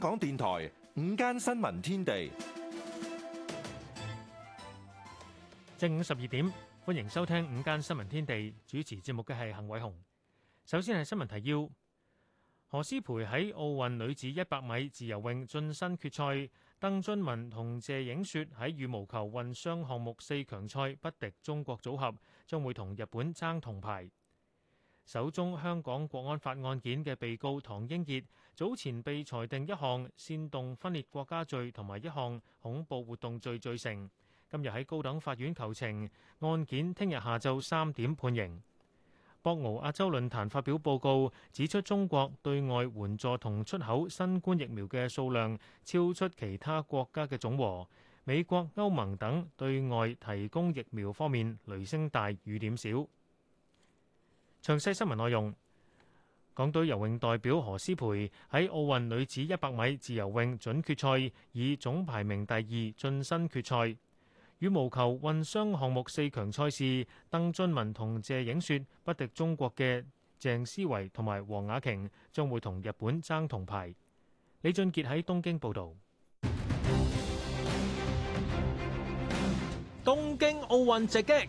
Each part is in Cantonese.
香港電台午間新聞天地，正午十二點，歡迎收聽午間新聞天地。主持節目嘅係幸偉雄。首先係新聞提要：何詩蓓喺奧運女子一百米自由泳晉身決賽，鄧俊文同謝影雪喺羽毛球混雙項目四強賽不敵中國組合，將會同日本爭銅牌。首宗香港國安法案件嘅被告唐英傑，早前被裁定一項煽動分裂國家罪同埋一項恐怖活動罪罪成。今日喺高等法院求情，案件聽日下晝三點判刑。博鰲亞洲論壇發表報告指出，中國對外援助同出口新冠疫苗嘅數量超出其他國家嘅總和，美國、歐盟等對外提供疫苗方面雷聲大雨點少。詳細新聞內容：港隊游泳代表何詩蓓喺奧運女子一百米自由泳準決賽以總排名第二晉身決賽。羽毛球混雙項目四強賽事，鄧俊文同謝影雪不敵中國嘅鄭思維同埋黃雅瓊，將會同日本爭銅牌。李俊杰喺東京報道。東京奧運直擊。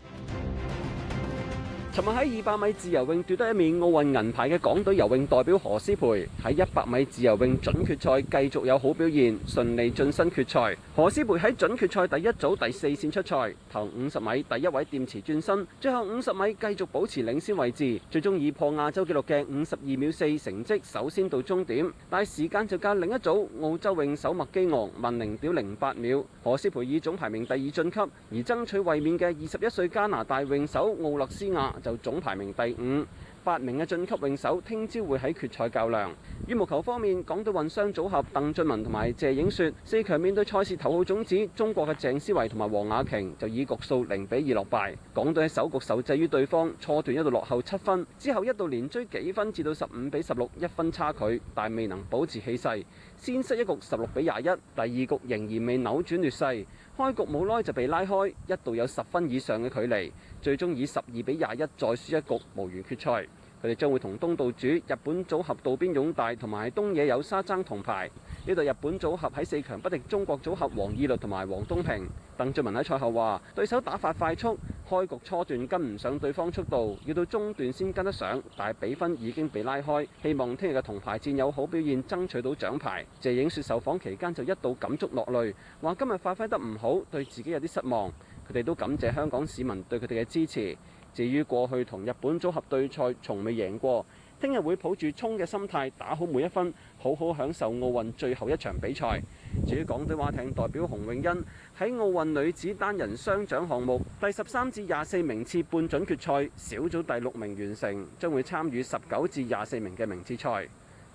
尋日喺二百米自由泳奪得一面奧運銀牌嘅港隊游泳代表何詩蓓喺一百米自由泳準決賽繼續有好表現，順利晉身決賽。何詩蓓喺準決賽第一組第四綫出賽，頭五十米第一位掂池轉身，最後五十米繼續保持領先位置，最終以破亞洲紀錄嘅五十二秒四成績，首先到終點，但時間就較另一組澳洲泳手麥基昂慢零點零八秒。何詩蓓以總排名第二晉級，而爭取衛冕嘅二十一歲加拿大泳手奧勒斯亞就總排名第五，八名嘅晉級泳手聽朝會喺決賽較量。羽毛球方面，港隊混雙組合鄧俊文同埋謝影雪四強面對賽事頭號種子中國嘅鄭思維同埋黃雅瓊，就以局數零比二落敗。港隊喺首局受制於對方，錯斷一度落後七分，之後一度連追幾分，至到十五比十六一分差距，但未能保持氣勢，先失一局十六比廿一。第二局仍然未扭轉劣勢，開局冇耐就被拉開，一度有十分以上嘅距離。最終以十二比廿一再輸一局，無緣決賽。佢哋將會同東道主日本組合渡邊勇大同埋東野有紗爭銅牌。呢度日本組合喺四強不敵中國組合王懿律同埋黃東萍。鄧俊文喺賽後話：對手打法快速，開局初段跟唔上對方速度，要到中段先跟得上，但係比分已經被拉開。希望聽日嘅銅牌戰有好表現，爭取到獎牌。謝影雪受訪期間就一度感觸落淚，話今日發揮得唔好，對自己有啲失望。佢哋都感謝香港市民對佢哋嘅支持。至於過去同日本組合對賽從未贏過，聽日會抱住衝嘅心態打好每一分，好好享受奧運最後一場比賽。至於港隊划艇代表洪詠欣喺奧運女子單人雙槳項目第十三至廿四名次半準決賽小組第六名完成，將會參與十九至廿四名嘅名次賽。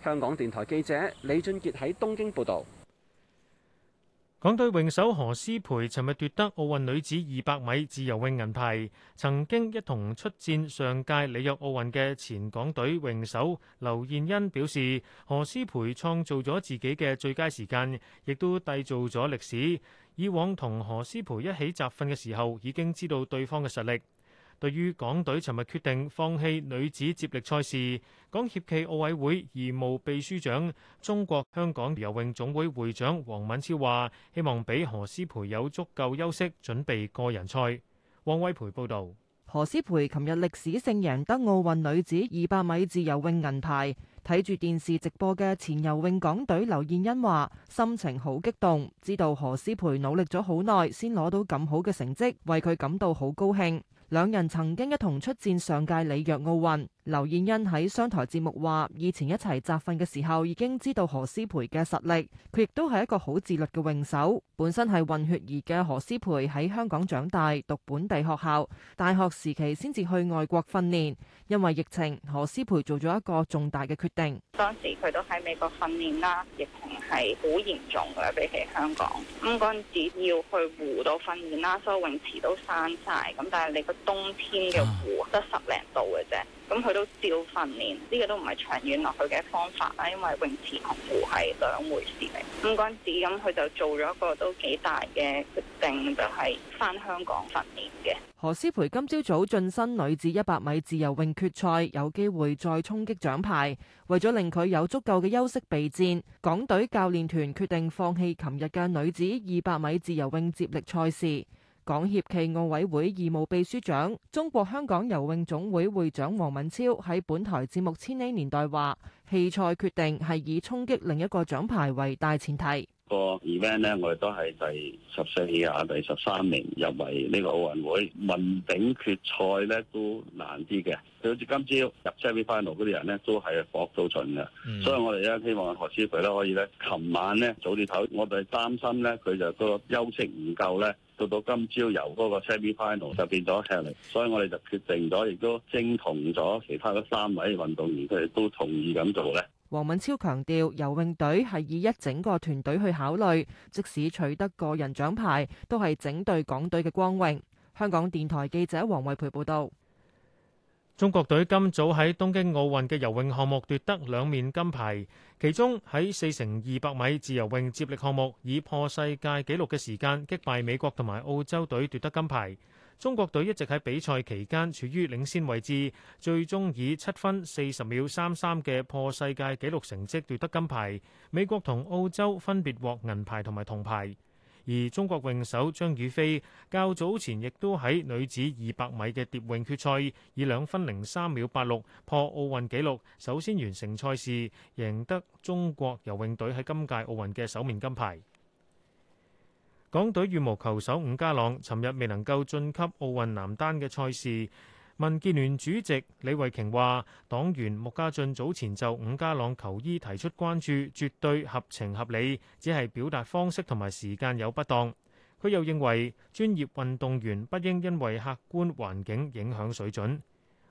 香港電台記者李俊傑喺東京報導。港隊泳手何詩蓓尋日奪得奧運女子二百米自由泳銀牌，曾經一同出戰上屆里約奧運嘅前港隊泳手劉燕恩表示：何詩蓓創造咗自己嘅最佳時間，亦都締造咗歷史。以往同何詩蓓一起集訓嘅時候，已經知道對方嘅實力。對於港隊尋日決定放棄女子接力賽事，港協暨奧委會義務秘書長、中國香港游泳總會會長黃敏超話：希望俾何詩蓓有足夠休息，準備個人賽。王威培報導。何詩蓓尋日歷史性贏得奧運女子二百米自由泳銀牌，睇住電視直播嘅前游泳港隊劉燕欣話：心情好激動，知道何詩蓓努力咗好耐先攞到咁好嘅成績，為佢感到好高興。兩人曾經一同出戰上屆里約奧運。劉燕欣喺商台節目話：以前一齊集訓嘅時候，已經知道何詩蓓嘅實力。佢亦都係一個好自律嘅泳手。本身係混血兒嘅何詩蓓喺香港長大，讀本地學校，大學時期先至去外國訓練。因為疫情，何詩蓓做咗一個重大嘅決定。當時佢都喺美國訓練啦，疫情係好嚴重嘅，比起香港。咁嗰陣時要去湖度訓練啦，所有泳池都閂晒。咁但係你個冬天嘅湖得十零度嘅啫。咁佢都照訓練，呢個都唔係長遠落去嘅方法啦，因為泳池同湖係兩回事嚟。咁嗰陣時，咁佢就做咗一個都幾大嘅決定，就係翻香港訓練嘅。何詩蓓今朝早晉身女子一百米自由泳決賽，有機會再衝擊獎牌。為咗令佢有足夠嘅休息備戰，港隊教練團決定放棄琴日嘅女子二百米自由泳接力賽事。港協暨奧委會義務秘書長、中國香港游泳總會會長王敏超喺本台節目《千禧年代》話：棄賽決定係以衝擊另一個獎牌為大前提。個 event 咧，我哋都係第十四啊，第十三名入圍呢個奧運會，問鼎決賽咧都難啲嘅。就好似今朝入 semi final 嗰啲人咧，都係搏到盡嘅。嗯、所以我哋咧希望何詩蓓咧可以咧，琴晚咧早啲唞。我哋擔心咧，佢就個休息唔夠咧。到到今朝，由嗰個 semi final 就變咗吃力，所以我哋就決定咗，亦都徵同咗其他嗰三位運動員，佢哋都同意咁做咧。黃敏超強調，游泳隊係以一整個團隊去考慮，即使取得個人獎牌，都係整隊港隊嘅光榮。香港電台記者黃慧培報道。中國隊今早喺東京奧運嘅游泳項目奪得兩面金牌，其中喺四乘二百米自由泳接力項目以破世界紀錄嘅時間擊敗美國同埋澳洲隊奪得金牌。中國隊一直喺比賽期間處於領先位置，最終以七分四十秒三三嘅破世界紀錄成績奪得金牌。美國同澳洲分別獲銀牌同埋銅牌。而中國泳手張雨霏較早前亦都喺女子二百米嘅蝶泳決賽，以兩分零三秒八六破奧運紀錄，首先完成賽事，贏得中國游泳隊喺今屆奧運嘅首面金牌。港隊羽毛球手伍家朗，尋日未能夠晉級奧運男單嘅賽事。民建聯主席李慧瓊話，黨員穆家俊早前就伍家朗球衣提出關注，絕對合情合理，只係表達方式同埋時間有不當。佢又認為，專業運動員不應因為客觀環境影響水準。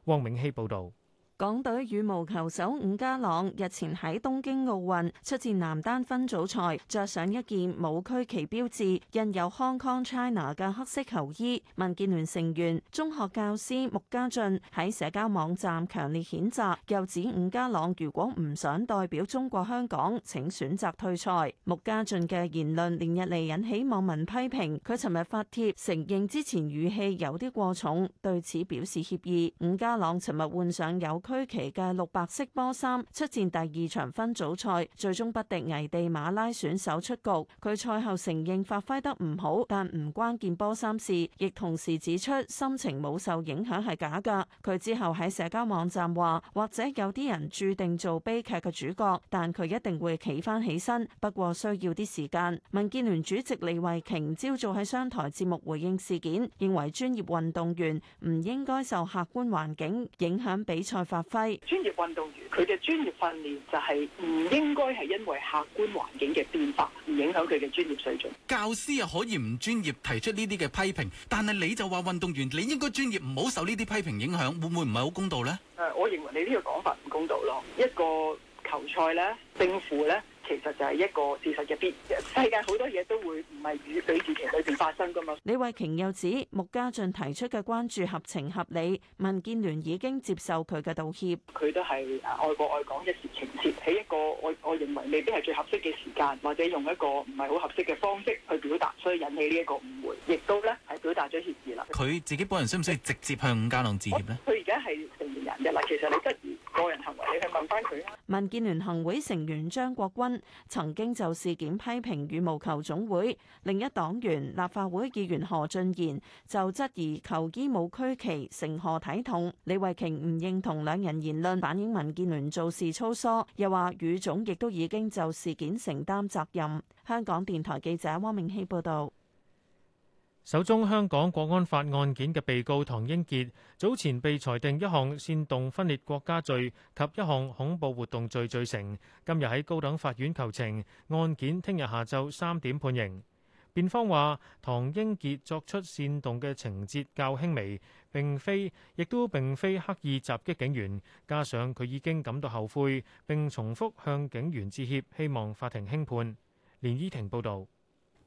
汪永熙報道。港隊羽毛球手伍家朗日前喺東京奧運出戰男單分組賽，着上一件冇區旗標誌、印有 Hong Kong China 嘅黑色球衣。民建聯成員、中學教師穆家俊喺社交網站強烈譴責，又指伍家朗如果唔想代表中國香港，請選擇退賽。穆家俊嘅言論連日嚟引起網民批評。佢尋日發帖承認之前語氣有啲過重，對此表示歉意。伍家朗尋日換上有區旗嘅綠白色波衫出戰第二場分組賽，最終不敵危地馬拉選手出局。佢賽後承認發揮得唔好，但唔關鍵波衫事，亦同時指出心情冇受影響係假噶。佢之後喺社交網站話，或者有啲人注定做悲劇嘅主角，但佢一定會企翻起身，不過需要啲時間。民建聯主席李慧瓊朝早喺商台節目回應事件，認為專業運動員唔應該受客觀環境影響比賽。發揮專業運動員佢嘅專業訓練就係唔應該係因為客觀環境嘅變化而影響佢嘅專業水準。教師啊可以唔專業提出呢啲嘅批評，但係你就話運動員你應該專業，唔好受呢啲批評影響，會唔會唔係好公道咧？誒、呃，我認為你呢個講法唔公道咯。一個球賽咧，勝負咧。其實就係一個事實嘅必然。世界好多嘢都會唔係與喺電視劇裏邊發生噶嘛。李慧瓊又指，穆家俊提出嘅關注合情合理，民建聯已經接受佢嘅道歉。佢都係誒愛國愛港，一時情切，喺一個我我認為未必係最合適嘅時間，或者用一個唔係好合適嘅方式去表達，所以引起呢一個誤會，亦都咧係表達咗歉意啦。佢自己本人需唔需要直接向伍家朗致歉呢？佢而家係成年人嘅啦，其實你都。民建聯行會成員張國鈞曾經就事件批評羽毛球總會，另一黨員立法會議員何俊賢就質疑球衣冇區旗成何體統。李慧瓊唔認同兩人言論，反映民建聯做事粗疏，又話羽總亦都已經就事件承擔責任。香港電台記者汪明希報道。首宗香港國安法案件嘅被告唐英傑，早前被裁定一項煽動分裂國家罪及一項恐怖活動罪罪成，今日喺高等法院求情，案件聽日下晝三點判刑。辯方話唐英傑作出煽動嘅情節較輕微，並非亦都並非刻意襲擊警員，加上佢已經感到後悔，並重複向警員致歉，希望法庭輕判。連依婷報道。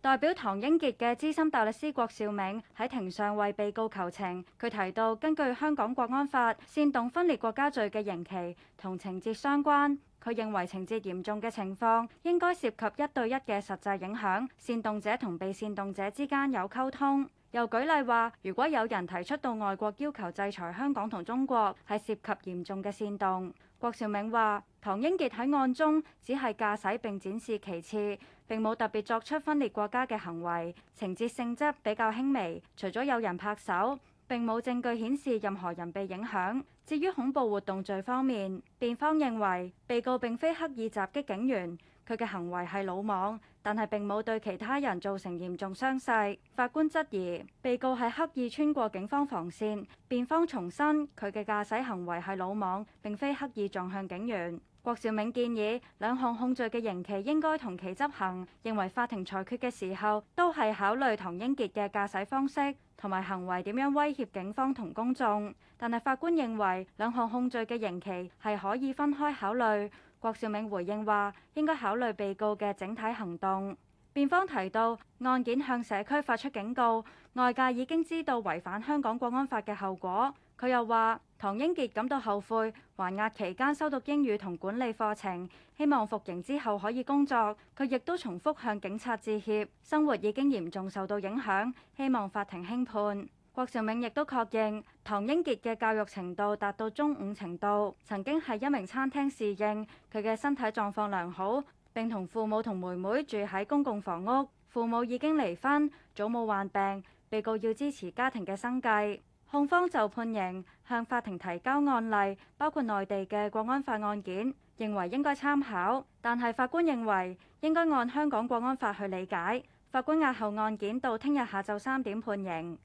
代表唐英傑嘅資深大律師郭兆銘喺庭上為被告求情。佢提到，根據香港國安法，煽動分裂國家罪嘅刑期同情節相關。佢認為情節嚴重嘅情況應該涉及一對一嘅實際影響，煽動者同被煽動者之間有溝通。又舉例話，如果有人提出到外國要求制裁香港同中國，係涉及嚴重嘅煽動。郭兆銘話：唐英傑喺案中只係駕駛，並展示旗幟，並冇特別作出分裂國家嘅行為，情節性質比較輕微。除咗有人拍手，並冇證據顯示任何人被影響。至於恐怖活動罪方面，辯方認為被告並非刻意襲擊警員，佢嘅行為係魯莽。但係並冇對其他人造成嚴重傷勢。法官質疑被告係刻意穿過警方防線。辯方重申佢嘅駕駛行為係魯莽，並非刻意撞向警員。郭兆明建議兩項控罪嘅刑期應該同期執行，認為法庭裁決嘅時候都係考慮唐英傑嘅駕駛方式同埋行為點樣威脅警方同公眾。但係法官認為兩項控罪嘅刑期係可以分開考慮。郭兆銘回應話，應該考慮被告嘅整體行動。辯方提到案件向社區發出警告，外界已經知道違反香港國安法嘅後果。佢又話唐英傑感到後悔，還押期間修讀英語同管理課程，希望服刑之後可以工作。佢亦都重複向警察致歉，生活已經嚴重受到影響，希望法庭輕判。郭兆銘亦都確認唐英傑嘅教育程度達到中五程度，曾經係一名餐廳侍應，佢嘅身體狀況良好，並同父母同妹妹住喺公共房屋。父母已經離婚，祖母患病，被告要支持家庭嘅生計。控方就判刑向法庭提交案例，包括內地嘅國安法案件，認為應該參考。但係法官認為應該按香港國安法去理解。法官押後案件到聽日下晝三點判刑。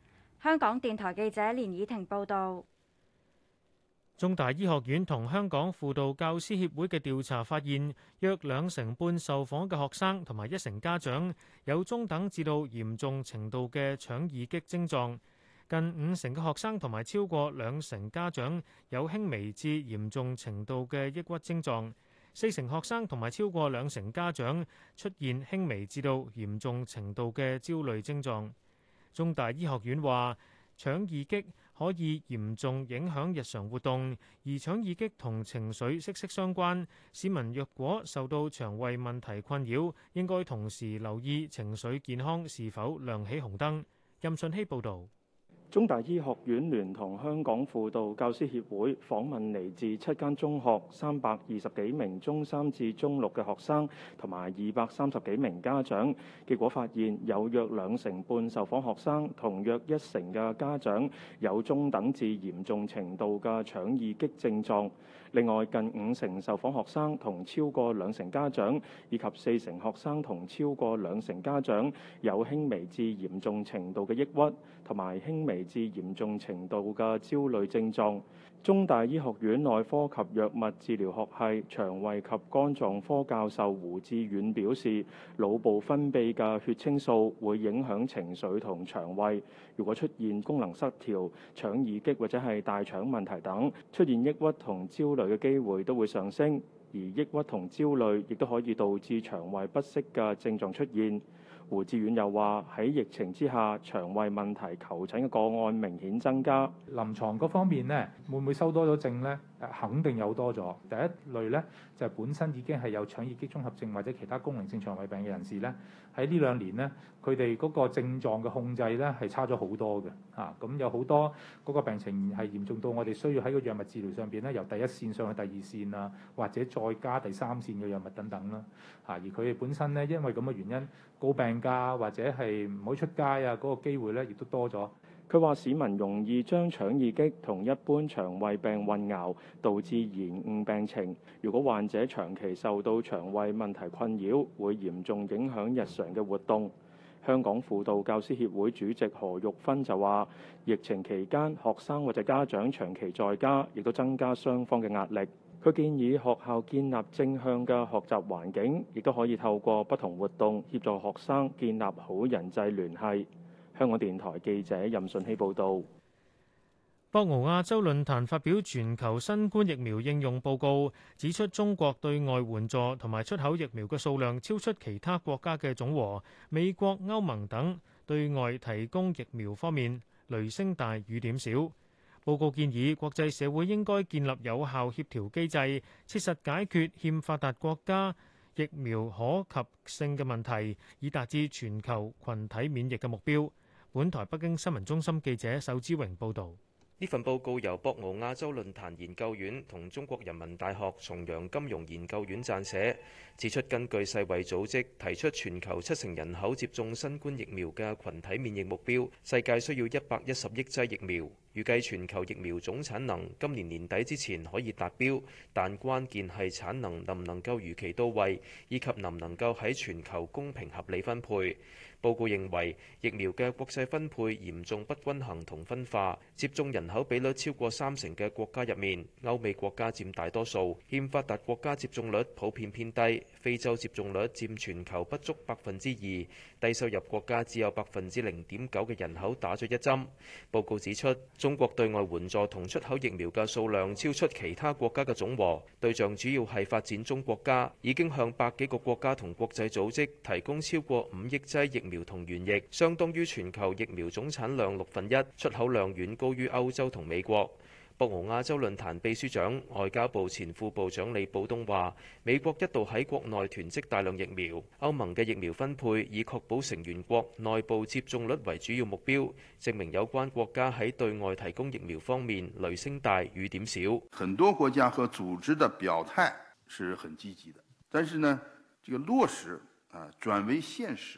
香港電台記者連以婷報道：中大醫學院同香港輔導教師協會嘅調查發現，約兩成半受訪嘅學生同埋一成家長有中等至到嚴重程度嘅腸易激症狀；近五成嘅學生同埋超過兩成家長有輕微至嚴重程度嘅抑鬱症狀；四成學生同埋超過兩成家長出現輕微至到嚴重程度嘅焦慮症狀。中大醫學院話：腸易激可以嚴重影響日常活動，而腸易激同情緒息息相關。市民若果受到腸胃問題困擾，應該同時留意情緒健康是否亮起紅燈。任信希報導。中大醫學院聯同香港輔導教師協會訪問嚟自七間中學三百二十幾名中三至中六嘅學生同埋二百三十幾名家長，結果發現有約兩成半受訪學生同約一成嘅家長有中等至嚴重程度嘅腸易激症狀。另外，近五成受訪學生同超過兩成家長，以及四成學生同超過兩成家長，有輕微至嚴重程度嘅抑鬱，同埋輕微至嚴重程度嘅焦慮症狀。中大醫學院內科及藥物治療學系腸胃及肝臟科教授胡志遠表示，腦部分泌嘅血清素會影響情緒同腸胃，如果出現功能失調，腸易激或者係大腸問題等，出現抑鬱同焦慮嘅機會都會上升，而抑鬱同焦慮亦都可以導致腸胃不適嘅症狀出現。胡志遠又話：喺疫情之下，腸胃問題求診嘅個案明顯增加。臨床嗰方面呢，會唔會收多咗症呢？肯定有多咗。第一類呢，就係、本身已經係有腸易激綜合症或者其他功能性腸胃病嘅人士呢。喺呢兩年呢，佢哋嗰個症狀嘅控制呢，係差咗好多嘅。嚇、啊、咁有好多嗰個病情係嚴重到我哋需要喺個藥物治療上邊呢，由第一線上去第二線啊，或者再加第三線嘅藥物等等啦、啊。嚇、啊、而佢哋本身呢，因為咁嘅原因。冇病假或者係唔好出街啊，嗰個機會咧亦都多咗。佢話市民容易將腸易激同一般腸胃病混淆，導致延誤病情。如果患者長期受到腸胃問題困擾，會嚴重影響日常嘅活動。香港輔導教師協會主席何玉芬就話，疫情期間學生或者家長長期在家，亦都增加雙方嘅壓力。佢建議學校建立正向嘅學習環境，亦都可以透過不同活動協助學生建立好人際聯繫。香港電台記者任順希報導。博鰲亞洲論壇發表全球新冠疫苗應用報告，指出中國對外援助同埋出口疫苗嘅數量超出其他國家嘅總和。美國、歐盟等對外提供疫苗方面，雷聲大雨點少。報告建議，國際社會應該建立有效協調機制，切實解決欠發達國家疫苗可及性嘅問題，以達至全球群體免疫嘅目標。本台北京新聞中心記者手之榮報導。呢份報告由博鰲亞洲論壇研究院同中國人民大學重陽金融研究院撰寫，指出根據世衛組織提出全球七成人口接種新冠疫苗嘅群體免疫目標，世界需要一百一十億劑疫苗。預計全球疫苗總產能今年年底之前可以達標，但關鍵係產能能唔能夠如期到位，以及能唔能夠喺全球公平合理分配。報告認為，疫苗嘅國際分配嚴重不均衡同分化，接種人口比率超過三成嘅國家入面，歐美國家佔大多數，欠發達國家接種率普遍偏低，非洲接種率佔全球不足百分之二，低收入國家只有百分之零點九嘅人口打咗一針。報告指出，中國對外援助同出口疫苗嘅數量超出其他國家嘅總和，對象主要係發展中國家，已經向百幾個國家同國際組織提供超過五億劑疫苗。苗同原液相當於全球疫苗總產量六分一，出口量遠高於歐洲同美國。博鰲亞洲論壇秘書長、外交部前副部長李保東話：美國一度喺國內囤積大量疫苗，歐盟嘅疫苗分配以確保成員國內部接種率為主要目標，證明有關國家喺對外提供疫苗方面雷聲大雨點少。很多國家和組織的表態是很積極的，但是呢，這個落實啊，轉為現實。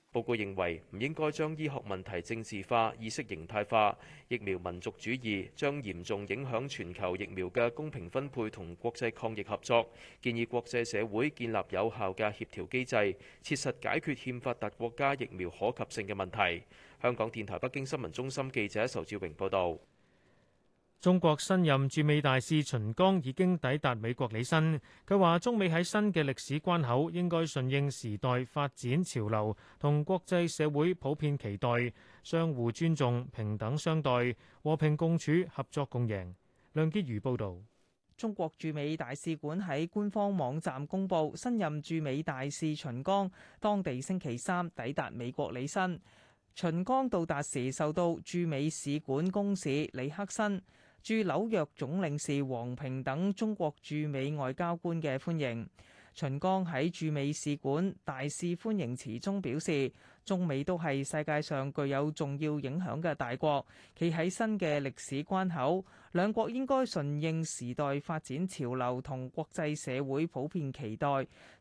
報告認為，唔應該將醫學問題政治化、意識形態化，疫苗民族主義將嚴重影響全球疫苗嘅公平分配同國際抗疫合作。建議國際社會建立有效嘅協調機制，切實解決欠發達國家疫苗可及性嘅問題。香港電台北京新聞中心記者仇志榮報道。中國新任駐美大使秦剛已經抵達美國履新。佢話：中美喺新嘅歷史關口，應該順應時代發展潮流，同國際社會普遍期待，相互尊重、平等相待、和平共處、合作共贏。梁潔如報道。中國駐美大使館喺官方網站公布新任駐美大使秦剛，當地星期三抵達美國履新。秦剛到達時受到駐美使館公使李克新。駐紐約總領事王平等中國駐美外交官嘅歡迎。秦剛喺駐美使館大使歡迎辭中表示，中美都係世界上具有重要影響嘅大國，企喺新嘅歷史關口，兩國應該順應時代發展潮流同國際社會普遍期待，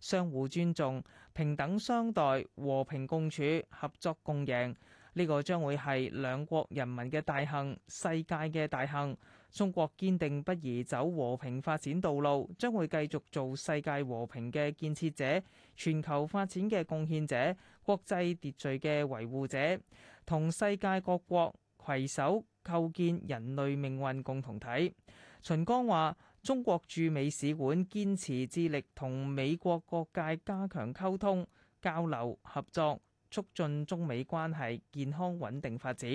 相互尊重、平等相待、和平共處、合作共贏。呢個將會係兩國人民嘅大幸，世界嘅大幸。中國堅定不移走和平發展道路，將會繼續做世界和平嘅建設者、全球發展嘅貢獻者、國際秩序嘅維護者，同世界各國携手構建人類命運共同體。秦剛話：中國駐美使館堅持致力同美國各界加強溝通、交流、合作。促進中美關係健康穩定發展。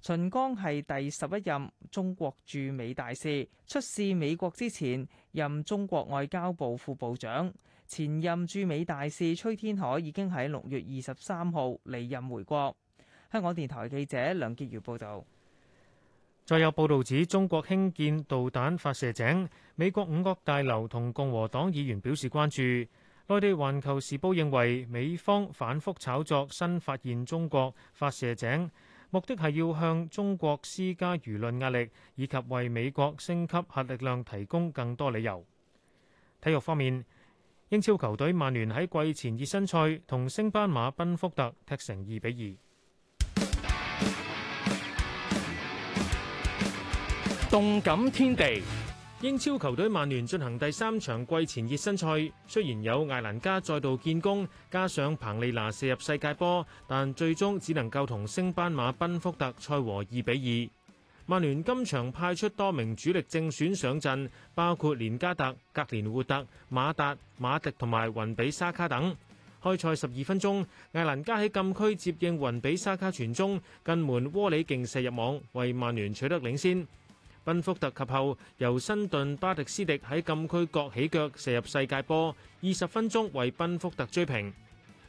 秦剛係第十一任中國駐美大使，出使美國之前任中國外交部副部長，前任駐美大使崔天凱已經喺六月二十三號離任回國，香港電台記者梁潔如報道。再有報道指中國興建導彈發射井，美國五角大樓同共和黨議員表示關注。內地環球時報認為，美方反覆炒作新發現中國發射井，目的係要向中國施加輿論壓力，以及為美國升級核力量提供更多理由。體育方面，英超球隊曼聯喺季前熱身賽同升班馬賓福特踢成二比二。動感天地。英超球隊曼聯進行第三場季前熱身賽，雖然有艾蘭加再度建功，加上彭利娜射入世界波，但最終只能夠同升班馬賓福特賽和二比二。曼聯今場派出多名主力正選上陣，包括連加特、格連活特、馬達、馬迪同埋雲比沙卡等。開賽十二分鐘，艾蘭加喺禁區接應雲比沙卡傳中，近門窩裏勁射入網，為曼聯取得領先。賓福特及後由新頓巴迪斯迪喺禁區角起腳射入世界波，二十分鐘為賓福特追平。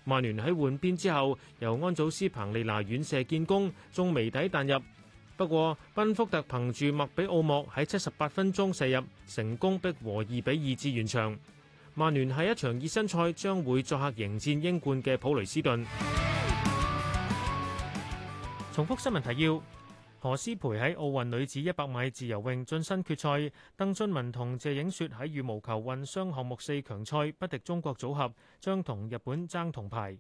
曼聯喺換邊之後，由安祖斯彭利拿遠射建功，中楣底彈入。不過賓福特憑住麥比奧莫喺七十八分鐘射入，成功逼和二比二至完場。曼聯喺一場熱身賽將會作客迎戰英冠嘅普雷斯頓。重複新聞提要。何詩蓓喺奧運女子一百米自由泳晉身決賽，鄧俊文同謝影雪喺羽毛球混雙項目四強賽不敵中國組合，將同日本爭銅牌。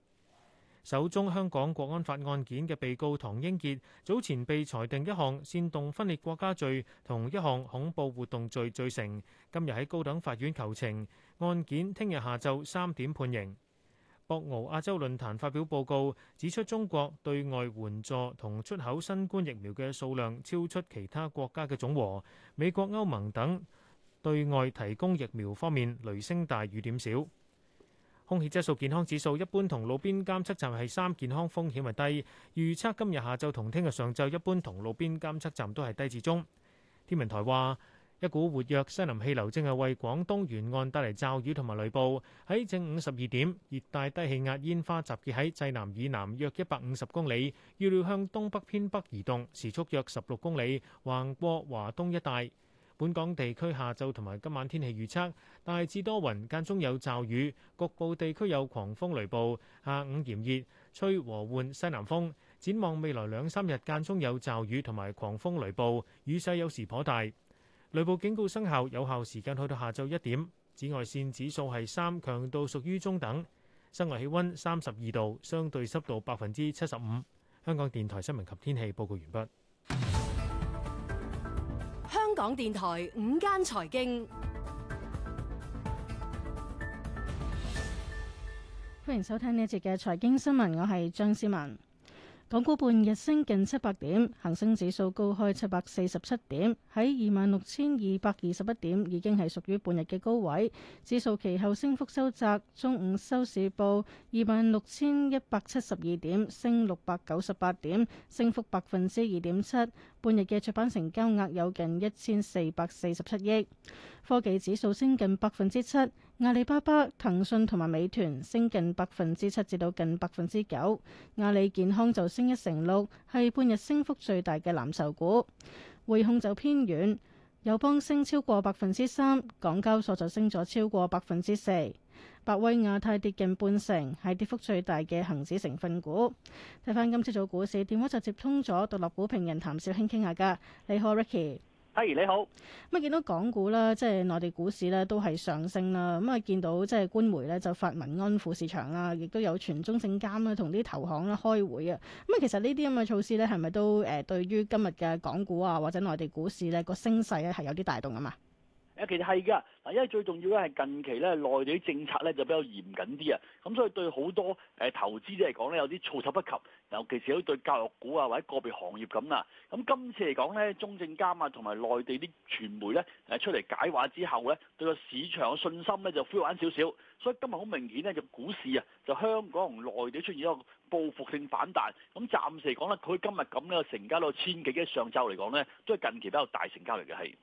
首宗香港國安法案件嘅被告唐英傑早前被裁定一項煽動分裂國家罪同一項恐怖活動罪罪成，今日喺高等法院求情，案件聽日下晝三點判刑。博鰲亞洲論壇發表報告指出，中國對外援助同出口新冠疫苗嘅數量超出其他國家嘅總和。美國、歐盟等對外提供疫苗方面，雷聲大雨點少。空氣質素健康指數一般同路邊監測站係三，健康風險係低。預測今日下晝同聽日上晝一般同路邊監測站都係低至中。天文台話。一股活躍西南氣流正係為廣東沿岸帶嚟驟雨同埋雷暴。喺正午十二點，熱帶低氣壓煙花集結喺濟南以南約一百五十公里，預料向東北偏北移動，時速約十六公里，橫過華東一帶。本港地區下晝同埋今晚天氣預測，大致多雲間中有驟雨，局部地區有狂風雷暴。下午炎熱，吹和緩西南風。展望未來兩三日，間中有驟雨同埋狂風雷暴，雨勢有時頗大。雷暴警告生效，有效時間去到下晝一點。紫外線指數係三，強度屬於中等。室外氣温三十二度，相對濕度百分之七十五。香港電台新聞及天氣報告完畢。香港電台午間財經，歡迎收聽呢一節嘅財經新聞，我係張思文。港股半日升近七百點，恆生指數高開七百四十七點，喺二萬六千二百二十一點，已經係屬於半日嘅高位。指數其後升幅收窄，中午收市報二萬六千一百七十二點，升六百九十八點，升幅百分之二點七。半日嘅主板成交額有近一千四百四十七億。科技指數升近百分之七。阿里巴巴、騰訊同埋美團升近百分之七，至到近百分之九。阿里健康就升一成六，係半日升幅最大嘅藍籌股。匯控就偏軟，友邦升超過百分之三，港交所就升咗超過百分之四。百威亞太跌近半成，係跌幅最大嘅恒指成分股。睇翻今朝早股市，電話就接通咗獨立股評人譚少卿，傾下噶，你好 Ricky。你好。咁啊，見到港股啦，即係內地股市咧，都係上升啦。咁啊，見到即係官媒咧，就發文安撫市場啦，亦都有傳中證監啊，同啲投行啦開會啊。咁啊，其實呢啲咁嘅措施咧，係咪都誒對於今日嘅港股啊，或者內地股市咧個升勢咧，係有啲帶動啊嘛？其實係噶，嗱，因為最重要咧係近期咧內地政策咧就比較嚴謹啲啊，咁所以對好多誒投資者嚟講咧有啲措手不及，尤其是對教育股啊或者個別行業咁啦。咁今次嚟講咧，中證監啊同埋內地啲傳媒咧誒出嚟解話之後咧，對個市場嘅信心咧就回暖少少，所以今日好明顯咧就股市啊就香港同內地出現一個報復性反彈。咁暫時嚟講咧，佢今日咁咧成交到千幾億，上週嚟講咧，都係近期比較大成交嚟嘅係。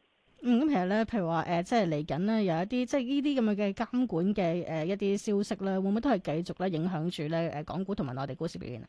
嗯，咁其實咧，譬如話誒、呃，即係嚟緊咧，有一啲即係呢啲咁樣嘅監管嘅誒、呃、一啲消息咧，會唔會都係繼續咧影響住咧誒港股同埋內地股市表現啊？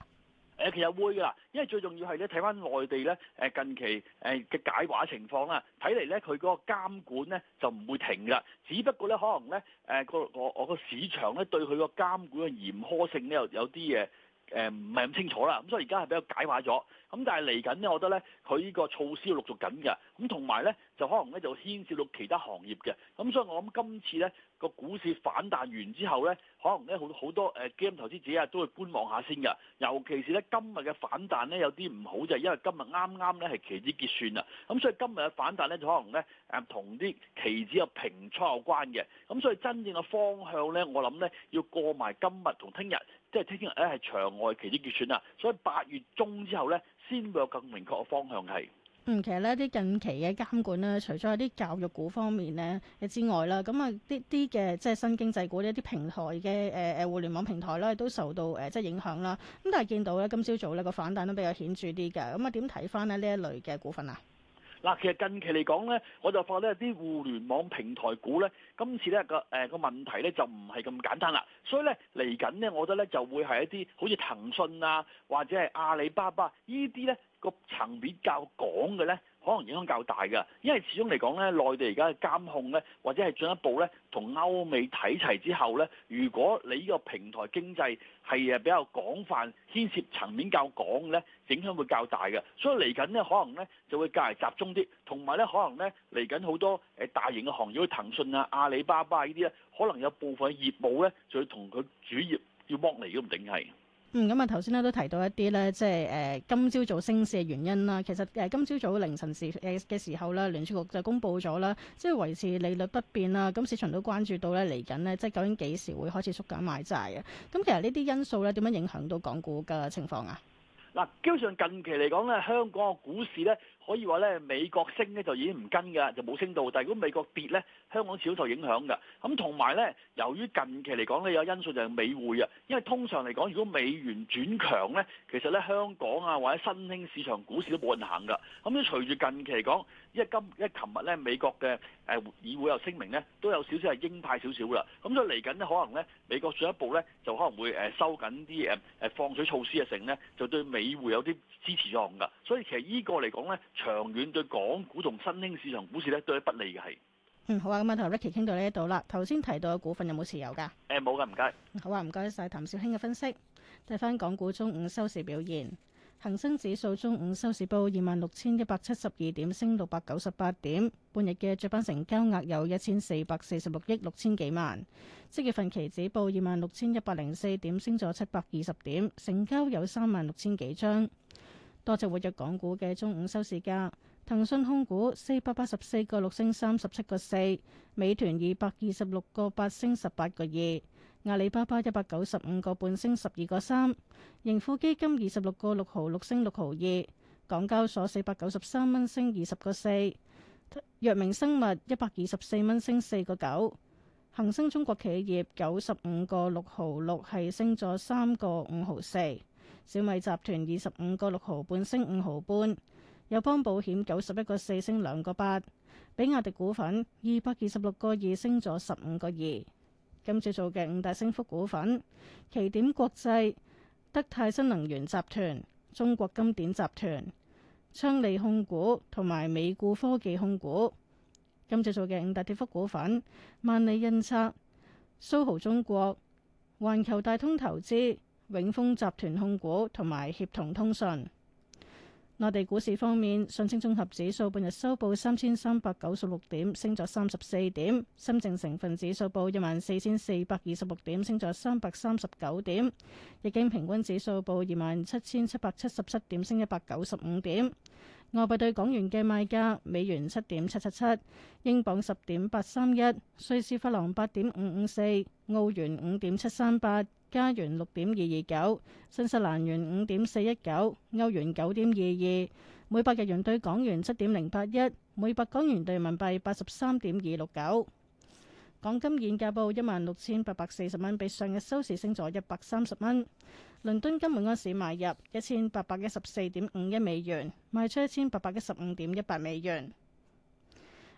誒、呃，其實會噶啦，因為最重要係咧睇翻內地咧誒近期誒嘅解話情況啦，睇嚟咧佢嗰個監管咧就唔會停噶，只不過咧可能咧誒、呃、個個個市場咧對佢個監管嘅嚴苛性咧有有啲嘢。誒唔係咁清楚啦，咁所以而家係比較解碼咗。咁但係嚟緊呢，我覺得呢，佢呢個措施要陸續緊嘅。咁同埋呢，就可能呢，就牽涉到其他行業嘅。咁所以我諗今次呢個股市反彈完之後呢，可能呢，好好多誒基金投資者啊都會觀望下先㗎。尤其是呢，今日嘅反彈呢，有啲唔好就係因為今日啱啱呢係期指結算啦。咁所以今日嘅反彈呢，就可能呢，誒同啲期指啊平倉有關嘅。咁所以真正嘅方向呢，我諗呢，要過埋今日同聽日。即係聽日咧場外期啲結算啊，所以八月中之後咧先會有更明確嘅方向係。嗯，其實呢啲近期嘅監管咧，除咗喺啲教育股方面咧之外啦，咁啊啲啲嘅即係新經濟股咧、一啲平台嘅誒誒互聯網平台咧都受到誒、呃、即係影響啦。咁但係見到咧今朝早咧個反彈都比較顯著啲嘅。咁啊點睇翻咧呢一類嘅股份啊？嗱，其實近期嚟講咧，我就發覺咧啲互聯網平台股咧，今次咧個誒個問題咧就唔係咁簡單啦，所以咧嚟緊咧，我覺得咧就會係一啲好似騰訊啊，或者係阿里巴巴依啲咧個層面較廣嘅咧。可能影響較大嘅，因為始終嚟講咧，內地而家嘅監控咧，或者係進一步咧，同歐美睇齊之後咧，如果你呢個平台經濟係誒比較廣泛牽涉層面較廣咧，影響會較大嘅，所以嚟緊咧可能咧就會較為集中啲，同埋咧可能咧嚟緊好多誒大型嘅行業，好似騰訊啊、阿里巴巴呢啲咧，可能有部分嘅業務咧就會同佢主業要剝離都唔定係。咁啊，頭先咧都提到一啲咧，即係誒今朝早升市嘅原因啦。其實誒今朝早凌晨時誒嘅時候咧，聯儲局就公布咗啦，即係維持利率不變啦。咁市場都關注到咧，嚟緊呢，即係究竟幾時會開始縮減買債啊？咁其實呢啲因素咧，點樣影響到港股嘅情況啊？嗱，基本上近期嚟講咧，香港嘅股市咧。可以話咧，美國升咧就已經唔跟㗎啦，就冇升到。但係如果美國跌咧，香港少受影響㗎。咁同埋咧，由於近期嚟講咧有因素就係美匯啊。因為通常嚟講，如果美元轉強咧，其實咧香港啊或者新興市場股市都冇人行㗎。咁呢隨住近期嚟講，因為今因為琴日咧美國嘅誒議會又聲明咧，都有少少係鷹派少少啦。咁所以嚟緊咧可能咧美國進一步咧就可能會誒收緊啲誒誒放水措施嘅成咧就對美匯有啲支持作用㗎。所以其實個呢個嚟講咧。長遠對港股同新興市場股市都係不利嘅係。嗯，好啊，咁啊，同 Ricky 傾到呢一度啦。頭先提到嘅股份有冇持有㗎？誒、嗯，冇㗎，唔該。好啊，唔該晒。譚少卿嘅分析。睇翻港股中午收市表現，恒生指數中午收市報二萬六千一百七十二點，升六百九十八點。半日嘅主板成交額有一千四百四十六億六千幾萬。即月份期指報二萬六千一百零四點，升咗七百二十點，成交有三萬六千幾張。多隻活躍港股嘅中午收市價，騰訊控股四百八十四個六升三十七個四，美團二百二十六個八升十八個二，阿里巴巴一百九十五個半升十二個三，盈富基金二十六個六毫六升六毫二，港交所四百九十三蚊升二十個四，藥明生物一百二十四蚊升四個九，恒生中國企業九十五個六毫六係升咗三個五毫四。小米集團二十五個六毫半升五毫半，友邦保險九十一個四升兩個八，比亞迪股份二百二十六個二升咗十五個二。今次做嘅五大升幅股份：奇點國際、德泰新能源集團、中國金典集團、昌利控股同埋美股科技控股。今次做嘅五大跌幅股份：萬里印刷、蘇豪中國、環球大通投資。永豐集團控股同埋協同通訊。內地股市方面，上證綜合指數半日收報三千三百九十六點，升咗三十四點；深證成分指數報一萬四千四百二十六點，升咗三百三十九點；日經平均指數報二萬七千七百七十七點，升一百九十五點。外幣對港元嘅賣價：美元七點七七七，英鎊十點八三一，瑞士法郎八點五五四，澳元五點七三八。加元六點二二九，9, 新西蘭元五點四一九，歐元九點二二，每百日元對港元七點零八一，每百港元對人民幣八十三點二六九。港金現價報一萬六千八百四十蚊，比上日收市升咗一百三十蚊。倫敦金每盎司買入一千八百一十四點五一美元，賣出一千八百一十五點一八美元。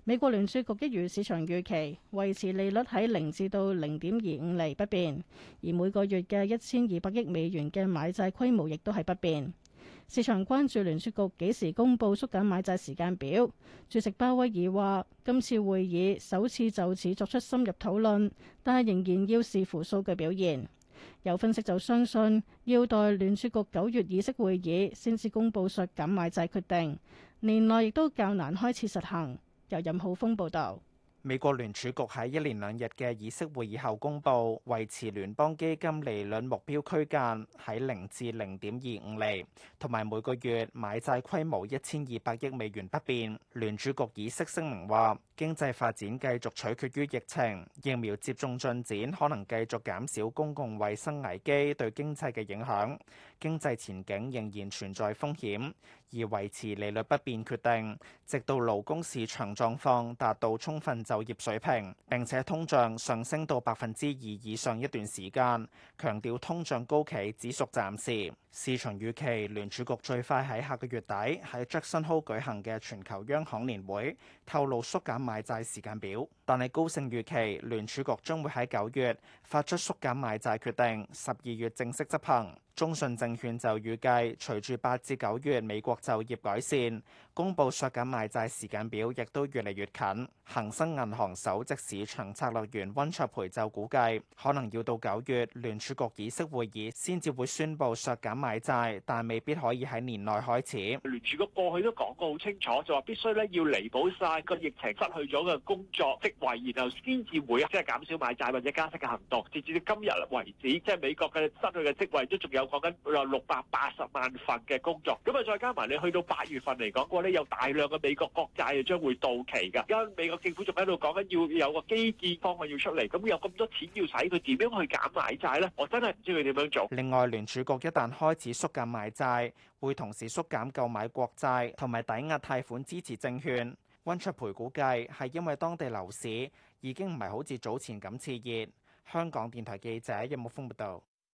美國聯儲局一如市場預期，維持利率喺零至到零點二五厘不變，而每個月嘅一千二百億美元嘅買債規模亦都係不變。市場關注聯儲局幾時公佈縮減買債時間表？主席鮑威爾話：今次會議首次就此作出深入討論，但係仍然要視乎數據表現。有分析就相信，要待聯儲局九月議息會議先至公佈縮減買債決定，年內亦都較難開始實行。由任浩峰報道，美國聯儲局喺一連兩日嘅議息會議後公布，維持聯邦基金利率目標區間喺零至零點二五厘，同埋每個月買債規模一千二百億美元不變。聯儲局議息聲明話，經濟發展繼續取決於疫情疫苗接種進展，可能繼續減少公共衛生危機對經濟嘅影響。經濟前景仍然存在風險，而維持利率不變決定，直到勞工市場狀況達到充分就業水平，並且通脹上升到百分之二以上一段時間。強調通脹高企只屬暫時。市場預期聯儲局最快喺下個月底喺 Jackson Hole 舉行嘅全球央行年會透露縮減買債時間表。但係高盛預期聯儲局將會喺九月發出縮減買債決定，十二月正式執行。中信證券就預計隨住八至九月美國就業改善，公布縮減買債時間表，亦都越嚟越近。恒生銀行首席市場策略員溫卓培就估計可能要到九月聯儲局議息會議先至會宣布縮減買債，但未必可以喺年內開始。聯儲局過去都講過好清楚，就話必須咧要彌補晒個疫情失去咗嘅工作即。為，然後先至會即係減少買債或者加息嘅行動。直至到今日為止，即係美國嘅失去嘅職位都仲有講緊，六百八十萬份嘅工作。咁啊，再加埋你去到八月份嚟講，過呢，有大量嘅美國國債啊，將會到期㗎。而美國政府仲喺度講緊要有個基建方案要出嚟，咁有咁多錢要使，佢點樣去減買債呢？我真係唔知佢點樣做。另外，聯儲局一旦開始縮減買債，會同時縮減購買國債同埋抵押貸款支持證券。溫卓培估計係因為當地樓市已經唔係好似早前咁熾熱。香港電台記者任木峯報道。